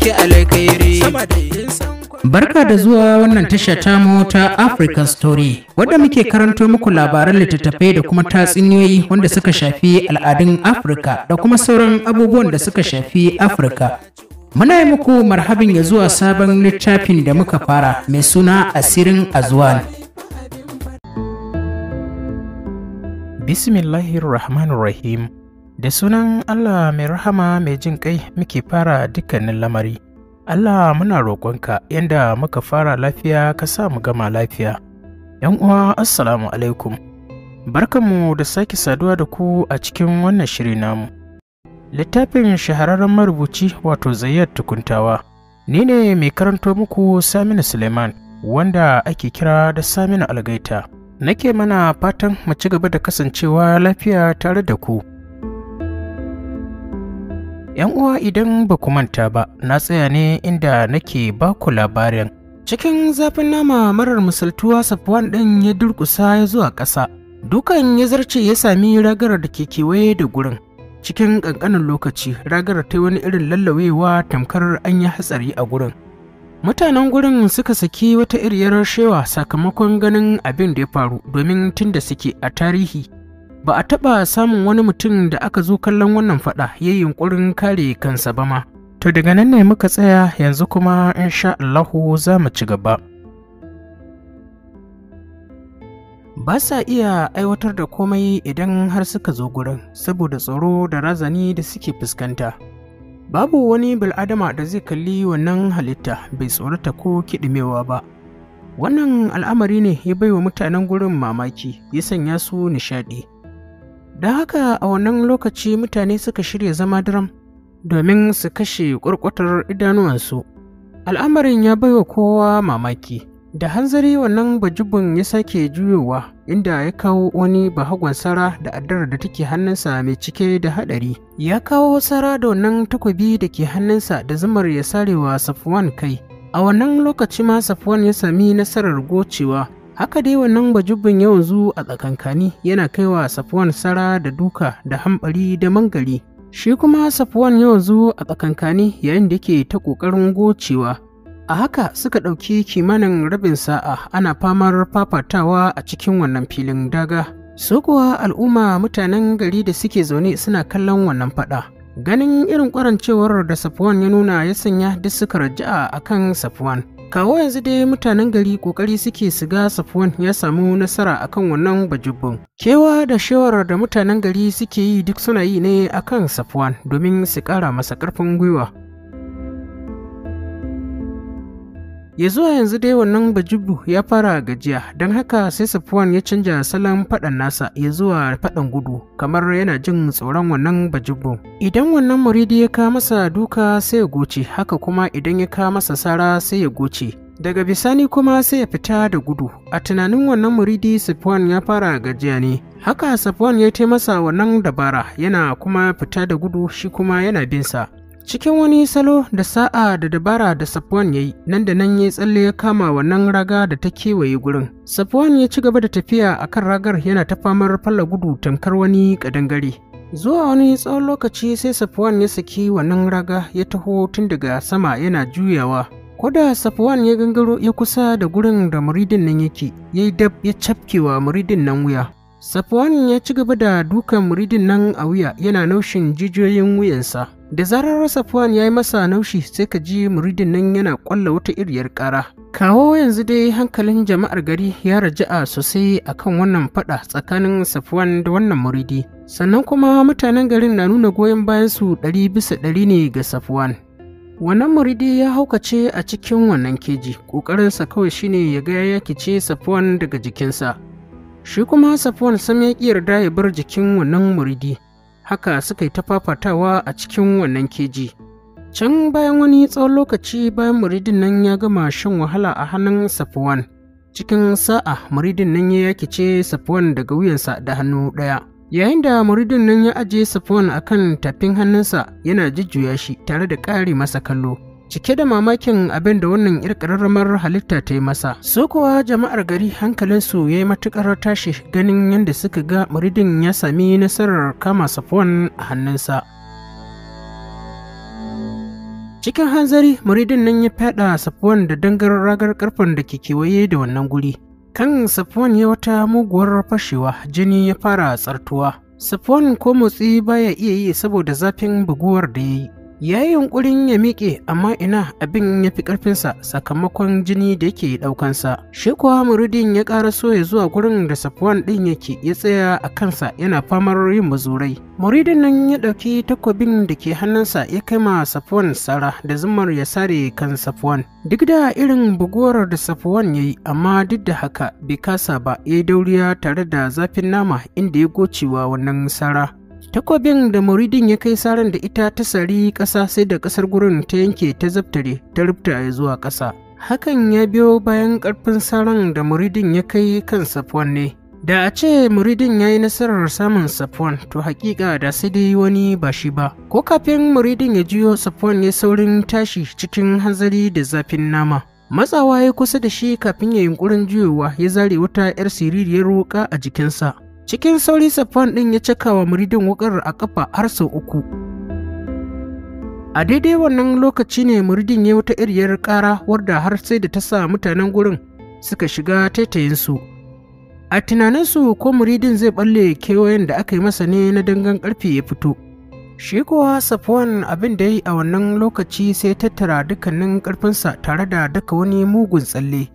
sake alkhairi Barka da zuwa wannan tasha tamu ta African Story wadda muke karanto muku labaran littattafai da kuma tatsuniyoyi wanda suka shafi al'adun Afirka da kuma sauran abubuwan da suka shafi Afirka. Muna yi muku marhabin ya zuwa sabon littafin da muka fara mai suna Asirin Azuwan. Bismillahirrahmanirrahim. Da sunan Allah mai rahama mai jin kai muke fara dukkanin lamari. Allah muna roƙonka yadda muka fara lafiya ka sa mu gama lafiya. ‘Yan uwa Assalamu alaikum. Barkanmu da sake saduwa da ku a cikin wannan shiri namu. Littafin shahararren marubuci wato Zayyar Tukuntawa. Ni ne mai karanto muku Saminu Suleiman wanda ake kira da Saminu Algaita. Nake mana fatan mu ci gaba da kasancewa lafiya tare da ku. 'Yan uwa idan ba ku manta ba, na tsaya ne inda nake ba ku labarin. Cikin zafin nama marar misaltuwa Safwan ɗin ya durƙusa ya zuwa ƙasa. Dukan ya zarce ya sami ragarar da ke kewaye da gurin. Cikin ƙanƙanin lokaci, ragarar ta wani irin lallawewa tamkar an yi hatsari a gurin. Mutanen gurin suka saki wata iriyar shewa sakamakon ganin abin da ya faru domin tunda suke a tarihi ba a taɓa samun wani mutum da aka zo kallon wannan faɗa ya yi yunƙurin kare kansa ba ma to daga nan ne muka tsaya yanzu kuma sha Allahu za mu ci gaba ba sa iya aiwatar da komai idan har suka zo gurin saboda tsoro da razani da suke fuskanta babu wani bil'adama da zai kalli wannan halitta bai tsorata ko kiɗimewa ba wannan al'amari ne ya baiwa mutanen gurin mamaki ya sanya su nishaɗi Da haka a wannan lokaci mutane suka shirya zama daram domin su kashe idanuwan idanuwansu. Al'amarin ya baiwa kowa mamaki. Da hanzari wannan bajibin ya sake juyowa inda ya kawo wani bahagon sara da addar da take hannunsa mai cike da haɗari. Ya kawo sara da wannan takobi da ke hannunsa da zumar ya sarewa Safwan kai. A wannan lokaci ma Safwan ya sami nasarar gocewa haka dai wannan bajibin yawan zu a tsakankani yana kaiwa safwan sara da duka da hambari da mangari, shi kuma safwan yawan zu a tsakankani yayin da yake ta ƙoƙarin gocewa a haka suka ɗauki kimanin rabin sa'a ana famar fafatawa a cikin wannan filin daga su kuwa al'umma mutanen gari da suke zaune suna kallon wannan fada ganin irin kwarancewar da safwan ya nuna ya sanya duk suka raja'a akan safwan kawo yanzu dai mutanen gari kokari suke su ga safwan ya samu nasara akan wannan bajibbin kewa da shawarar da mutanen gari suke yi duk suna yi ne akan safuwan domin su kara masa karfin gwiwa ya zuwa yanzu dai wannan bajibu ya fara gajiya don haka sai safuwan ya canja salon faɗan nasa ya zuwa faɗan gudu kamar yana jin tsoron wannan bajibu idan wannan muridi ya ka masa duka sai ya goce haka kuma idan ya ka masa sara sai ya goce daga bisani kuma sai ya fita da gudu a tunanin wannan muridi safuwan ya fara gajiya ne haka safuwan ya taimasa masa wannan dabara yana kuma fita da gudu shi kuma yana bin sa. Cikin wani salo da sa'a da dabara da Safwan ya yi, nan da nan ya tsalle ya kama wannan raga da ta kewaye gurin. Safwan ya ci gaba da tafiya a kan ragar yana ta famar falla gudu tamkar wani kadangare. Zuwa wani tsawon lokaci sai Safwan ya saki wannan raga ya taho tun daga sama yana juyawa. Koda Safwan ya gangaro ya kusa da gurin da muridin nan yake, ya yi dab ya cafkewa muridin nan wuya. Safwan ya ci gaba da dukan muridin nan a wuya yana naushin jijiyoyin wuyansa. Da zarar Safwan ya yi masa naushi sai ka ji muridin nan yana ƙwalla wata iriyar ƙara. Kawo yanzu dai hankalin jama'ar gari ya raja'a sosai a kan wannan faɗa tsakanin Safwan da wannan muridi. Sannan kuma mutanen garin na nuna goyon bayansu ɗari bisa ɗari ne ga Safwan. Wannan muridi ya haukace a cikin wannan keji, ƙoƙarinsa kawai shine ya ga ya ce Safwan daga jikinsa. shi kuma safuwan sam ya ƙi yarda ya bar jikin wannan muridi haka suka yi ta fafatawa a cikin wannan keji can bayan wani tsawon lokaci bayan muridin nan ya gama shan wahala a hannun safuwan cikin sa'a muridin nan ya yakice safuwan daga wuyansa da hannu ɗaya yayin da muridin nan ya ajiye safuwan akan tafin hannunsa yana jujjuya shi tare da ƙari masa kallo cike da mamakin abin da wannan irkararramar halitta ta yi masa su kuwa jama'ar gari hankalinsu ya yi matuƙar tashi ganin yadda suka ga muridin ya sami nasarar kama safon a hannunsa cikin hanzari muridin nan ya fada safon da dangar ragar karfen da ke kewaye da wannan guri kan safon ya wata muguwar fashewa jini ya fara tsartuwa safon ko motsi baya iya yi saboda zafin buguwar da ya yi ya yi yunkurin ya miƙe amma ina abin ya fi ƙarfinsa sakamakon jini da yake ɗaukansa shi kuwa murudin ya ƙara so ya zuwa gurin da Safuwan ɗin yake ya tsaya a kansa yana famar yin mazurai muridin nan ya ɗauki takobin da ke hannunsa ya kai ma Safuwan sara da zumar ya sare kan Safuwan. duk da irin buguwar da Safuwan ya yi amma duk da haka bai kasa ba ya yi dauriya tare da zafin nama inda ya gocewa wannan sara takobin da muridin ya kai saran da ita ta sari ƙasa sai da ƙasar gurin ta yanke ta zaftare ta rubuta ya zuwa ƙasa hakan ya biyo bayan ƙarfin saran da muridin ya kai kan safwan ne da a ce muridin ya yi nasarar samun safwan to haƙiƙa da sai dai wani ba shi ba ko kafin muridin ya jiyo safwan ya saurin tashi cikin hanzari da zafin nama matsawa ya kusa da shi kafin ya yunkurin juyowa ya zare wata 'yar siririyar roƙa a jikinsa cikin sauri safan ɗin ya caka wa muridin wukar a ƙafa har sau uku a daidai wannan lokaci ne muridin ya wata iriyar ƙara wadda har sai da ta sa mutanen gurin suka shiga taitayinsu a tunaninsu ko muridin zai balle kewayen da aka yi masa ne na dangan ƙarfe ya fito Shi kuwa Safwan abin da yi a wannan lokaci sai tattara dukkanin ƙarfinsa tare da daka wani mugun tsalle,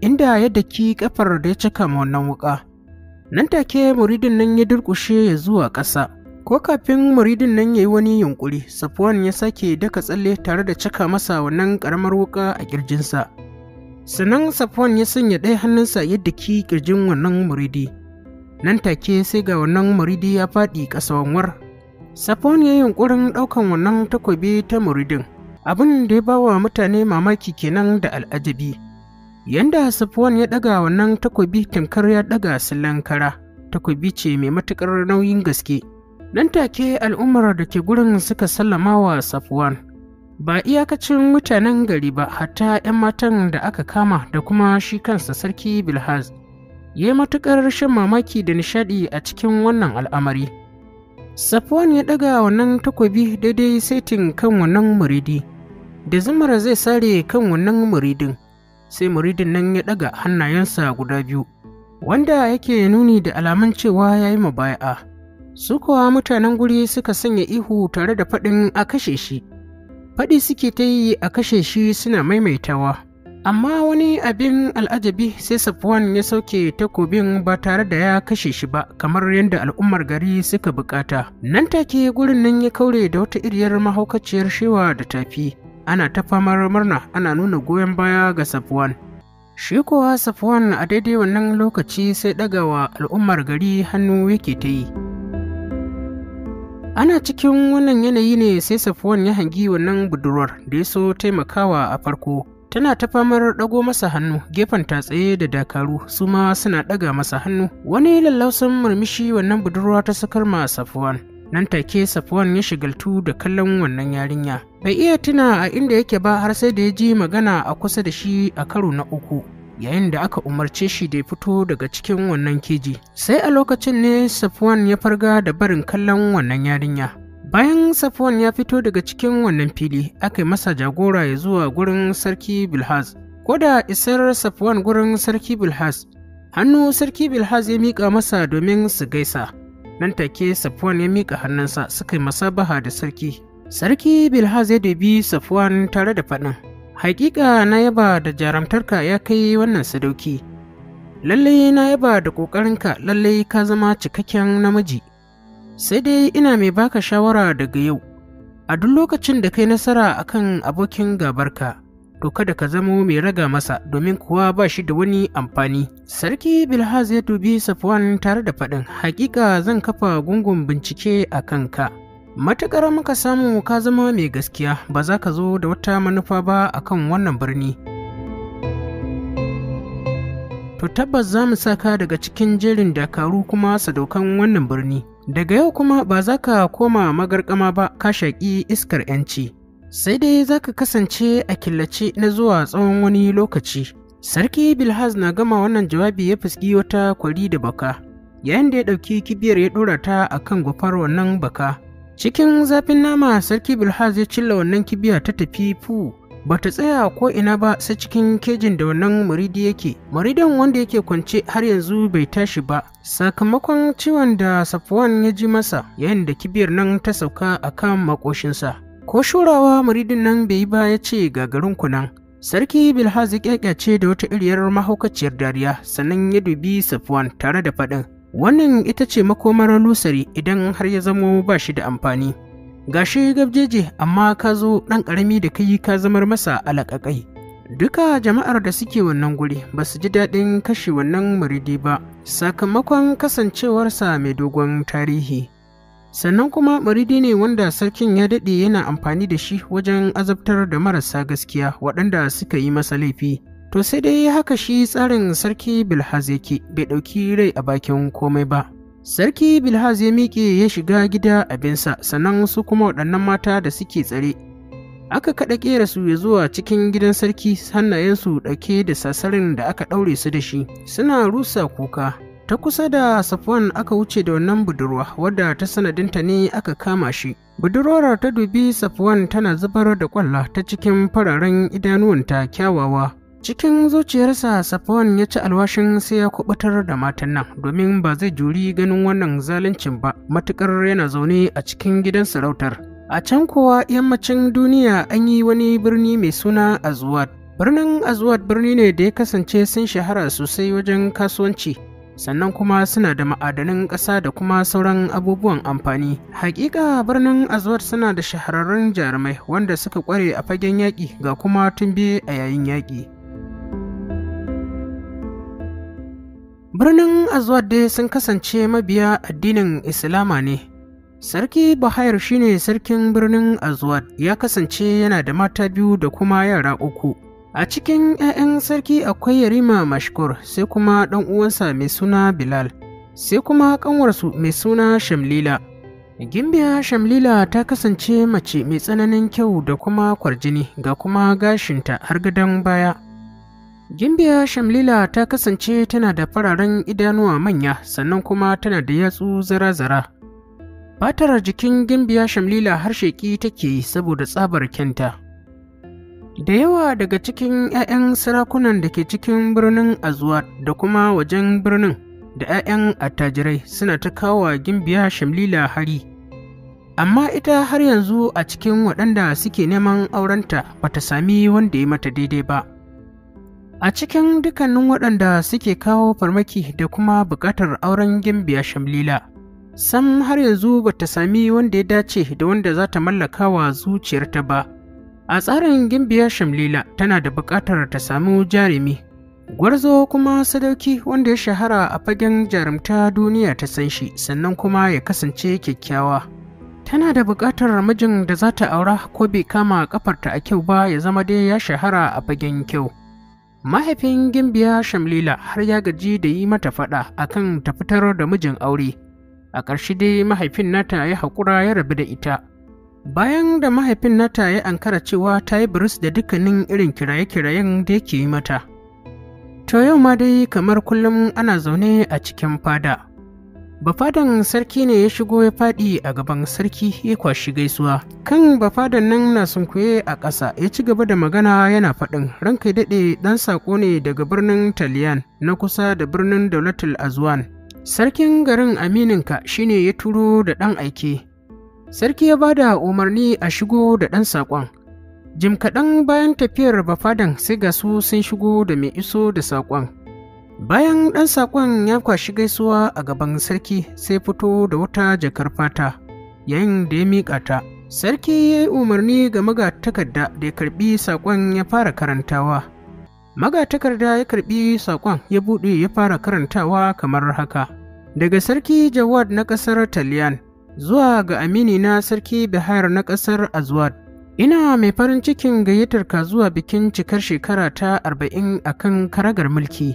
inda ya daki ƙafar da ya cika ma wannan wuƙa. nan take muridin nan ya durƙushe ya zuwa ƙasa ko kafin muridin nan ya yi wani yunƙuri safuwan ya sake daka tsalle tare da cika masa wannan ƙaramar wuka a ƙirjinsa sannan safuwan ya sanya ɗaya hannunsa yadda ki ƙirjin wannan muridi nan take sai ga wannan muridi ya faɗi ƙasawanwar safuwan ya yi yunƙurin ɗaukan wannan takobi ta muridin abin da ya ba wa mutane mamaki kenan da al'ajabi Yanda Safwan ya ɗaga wannan takobi tamkar ya ɗaga silankara, takobi ce mai matukar nauyin gaske. Nan take al'ummar da ke gurin suka sallama wa Safwan. Ba iyakacin mutanen gari ba hatta 'yan matan da aka kama da kuma shi kansa sarki Bilhaz. Ya yi matuƙar shan mamaki da nishaɗi a cikin wannan al'amari. Safwan ya ɗaga wannan takobi daidai saitin kan wannan muridi, da zumar zai sare kan wannan muridin. sai muridin nan ya ɗaga hannayensa guda biyu wanda yake nuni da alamun cewa ya yi mabaya su kowa mutanen guri suka sanya ihu tare da faɗin a kashe shi faɗi suke ta yi a kashe shi suna maimaitawa amma wani abin al'ajabi sai safwan ya sauke takobin ba tare da ya kashe shi ba kamar yadda al'ummar gari suka bukata nan take gurin nan ya kaure da wata iriyar mahaukaciyar shewa da tafi ana ta famar murna ana nuna goyon baya ga Safwan. Shi kuwa Safwan a daidai wannan lokaci sai wa al'ummar gari hannu yake ta yi. Ana cikin wannan yanayi ne sai Safwan ya hangi wannan budurwar da ya so taimakawa a farko. Tana ta famar ɗago masa hannu gefen tatsaye da dakaru su ma suna ɗaga masa hannu. Wani lallausan murmushi wannan budurwa ta sakar ma Safwan nan take safwan ya shigaltu da kallon wannan yarinya bai iya tuna a inda yake ba har sai da ya ji magana a kusa da shi a karo na uku yayin da aka umarce shi da ya fito daga cikin wannan keji sai a lokacin ne safwan ya farga da barin kallon wannan yarinya bayan safwan ya fito daga cikin wannan fili aka yi masa jagora ya zuwa gurin sarki bilhaz ko da isar safwan gurin sarki bilhaz hannu sarki bilhaz ya mika masa domin su gaisa nan take Safwan ya mika hannunsa suka yi masabaha da sarki. Sarki Bilhaz ya dubi Safwan tare da faɗin. Haƙiƙa na yaba da jaramtarka ya kai wannan sadauki. Lallai na yaba da ƙoƙarinka lallai ka zama cikakken namiji. Sai dai ina mai baka shawara daga yau. A duk lokacin da kai nasara akan abokin gabarka, to kada ka zamo mai raga masa domin kuwa ba shi da wani amfani. Sarki Bilhaz ya dubi Safwan tare da faɗin hakika zan kafa gungun bincike a kanka. Matuƙar muka samu ka zama mai gaskiya ba za ka zo da wata manufa ba akan wannan birni. To tabbas za mu saka daga cikin jerin dakaru kuma sadaukan wannan birni. Daga yau kuma ba za ka koma magarƙama ba ka shaƙi iskar 'yanci. sai dai za ka kasance a killace na zuwa tsawon wani lokaci sarki bilhaz na gama wannan jawabi ya fuski wata kwari da baka yayin da ya ɗauki kibiyar ya ɗora ta a kan gwafar wannan baka cikin zafin nama sarki bilhaz ya cilla wannan kibiya ta tafi fu ba ta tsaya ko ina ba sai cikin kejin da wannan muridi yake muridin wanda yake kwance har yanzu bai tashi ba sakamakon ciwon da safwan ya ji masa yayin da kibiyar nan ta sauka a kan makoshinsa ko shurawa muridin nan bai yi ba ya ce gagarin nan. sarki bilhazi kyakyace da wata iriyar mahaukaciyar dariya sannan ya dubi Safwan tare da faɗin wannan ita ce makomar lusari idan har ya zamo ba shi da amfani gashi gabjeje amma ka zo ɗan ƙarami da kai ka zamar masa alaƙaƙai duka jama'ar da suke wannan guri ba su ji daɗin kashe wannan muridi ba sakamakon kasancewarsa mai dogon tarihi sannan kuma maridi ne wanda sarkin ya daɗe yana amfani da shi wajen azabtar da marasa gaskiya waɗanda suka yi masa laifi to sai dai haka shi tsarin sarki bilhaz yake bai ɗauki rai a bakin komai ba sarki bilhaz ya miƙe ya shiga gida abinsa sannan su kuma waɗannan mata da suke tsare aka kaɗa ƙera su ya zuwa cikin gidan sarki hannayensu ɗauke da sasarin da aka ɗaure su da shi suna rusa kuka ta kusa da safwan aka wuce da wannan budurwa wadda ta sanadinta ne aka kama shi budurwar ta dubi safwan tana zubar da kwalla ta cikin fararen idanuwanta kyawawa cikin zuciyarsa safwan ya ci alwashin sai ya kubutar da matan nan domin ba zai juri ganin wannan zaluncin ba matukar yana zaune a cikin gidan sarautar a can kuwa yammacin duniya an yi wani birni mai suna azuwat birnin azuwat birni ne da ya kasance sun shahara sosai wajen kasuwanci sannan kuma suna da ma'adanin ƙasa da kuma sauran abubuwan amfani hakika birnin azuwar suna da shahararrun jarumai wanda suka ƙware a fagen yaƙi ga kuma tumbe a yayin yaƙi birnin azuwar dai sun kasance mabiya addinin islama ne sarki bahair shine sarkin birnin azuwar ya kasance yana da mata biyu da kuma yara uku A cikin ‘ya'yan sarki akwai Yarima Mashkur, sai kuma ɗan uwansa mai suna Bilal, sai kuma ƙanwarsu mai suna Shamlila. Gimbiya Shamlila ta kasance mace mai tsananin kyau da kuma kwarjini ga kuma gashinta har gadon baya. Gimbiya Shamlila ta kasance tana da fararen idanuwa manya sannan kuma tana da yatsu zara-zara. Fatar jikin Gimbiya Shamlila har sheƙi take yi saboda tsabar kyanta. Da yawa daga cikin 'ya'yan sarakunan da ke cikin birnin Azuwa da kuma wajen birnin da 'ya'yan attajirai suna ta kawo gimbiya Shamlila hari. Amma ita har yanzu a cikin waɗanda suke neman aurenta bata sami wanda ya mata daidai ba. A cikin dukkanin waɗanda suke kawo farmaki da kuma buƙatar auren gimbiya Shamlila, sam har yanzu bata sami wanda ya dace da wanda za ta mallaka wa zuciyarta ba. A tsarin gimbiya Shamlila tana da buƙatar ta samu jarumi, gwarzo kuma sadauki wanda ya shahara a fagen jarumta duniya ta san shi sannan kuma ya kasance kyakkyawa. Tana da buƙatar mijin da za ta aura ko bai kama kafarta a kyau ba ya zama dai ya shahara a fagen kyau. Mahaifin gimbiya Shamlila har ya gaji da yi mata faɗa akan ta fitar da mijin aure. A ƙarshe dai mahaifin nata ya haƙura ya rabu da ita. Bayan da mahaifin nata ya ankara cewa ta yi biris da dukkanin irin kiraye-kirayen da yake yi mata. To yau ma dai kamar kullum ana zaune a cikin fada. Bafadan sarki ne ya shigo ya faɗi a gaban sarki ya kwashi gaisuwa. Kan bafadan nan na sunkuye a ƙasa ya ci gaba da magana yana faɗin ranka daɗe ɗan saƙo ne daga birnin Taliyan na kusa da birnin Daulatul Azwan. Sarkin garin ka shine ya turo da ɗan aike Sarki ya bada umarni a shigo da ɗan saƙon. Jim kaɗan bayan tafiyar bafadan sai ga su sun shigo da mai iso da saƙon. Bayan ɗan saƙon ya kwashi gaisuwa a gaban sarki sai fito da wata jakar fata yayin da ya miƙa ta. Sarki ya yi umarni ga magatakarda da ya karɓi saƙon ya fara karantawa. magatakarda ya karɓi saƙon ya buɗe ya fara karantawa kamar haka daga sarki jawad na ƙasar taliyan zuwa ga na sarki Bihar na ƙasar Azwad. Ina mai farin cikin gayyatar ka zuwa bikin cikar shekara ta arba'in a kan karagar mulki,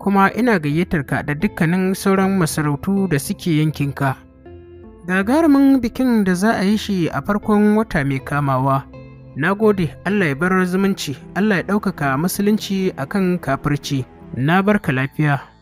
kuma ina gayyatar ka da dukkanin sauran masarautu da suke yankinka. Gagarumin bikin da za a yi shi a farkon wata mai kamawa. Na gode Allah ya bar zumunci, Allah ya ɗaukaka musulunci a kan kafirci. Na barka lafiya.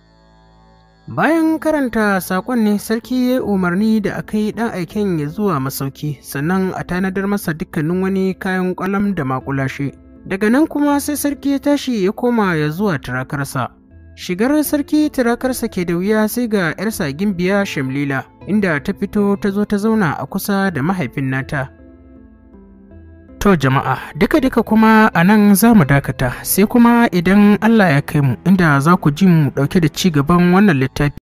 Bayan karanta saƙon ne sarki ya umarni da aka yi ɗan aiken ya zuwa masauki sannan a tanadar masa dukkanin wani kayan ƙwalam da makulashe. Daga nan kuma sai sarki ya tashi ya koma ya zuwa turakarsa. Shigar sarki turakarsa ke da wuya sai ga ‘yarsa gimbiya Shamlila inda ta fito ta zo ta zauna a kusa da mahaifin nata. To jama'a duka-duka kuma a nan za mu dakata sai kuma idan Allah ya kai mu inda za ku ji mu ɗauke da ci gaban wannan littafi.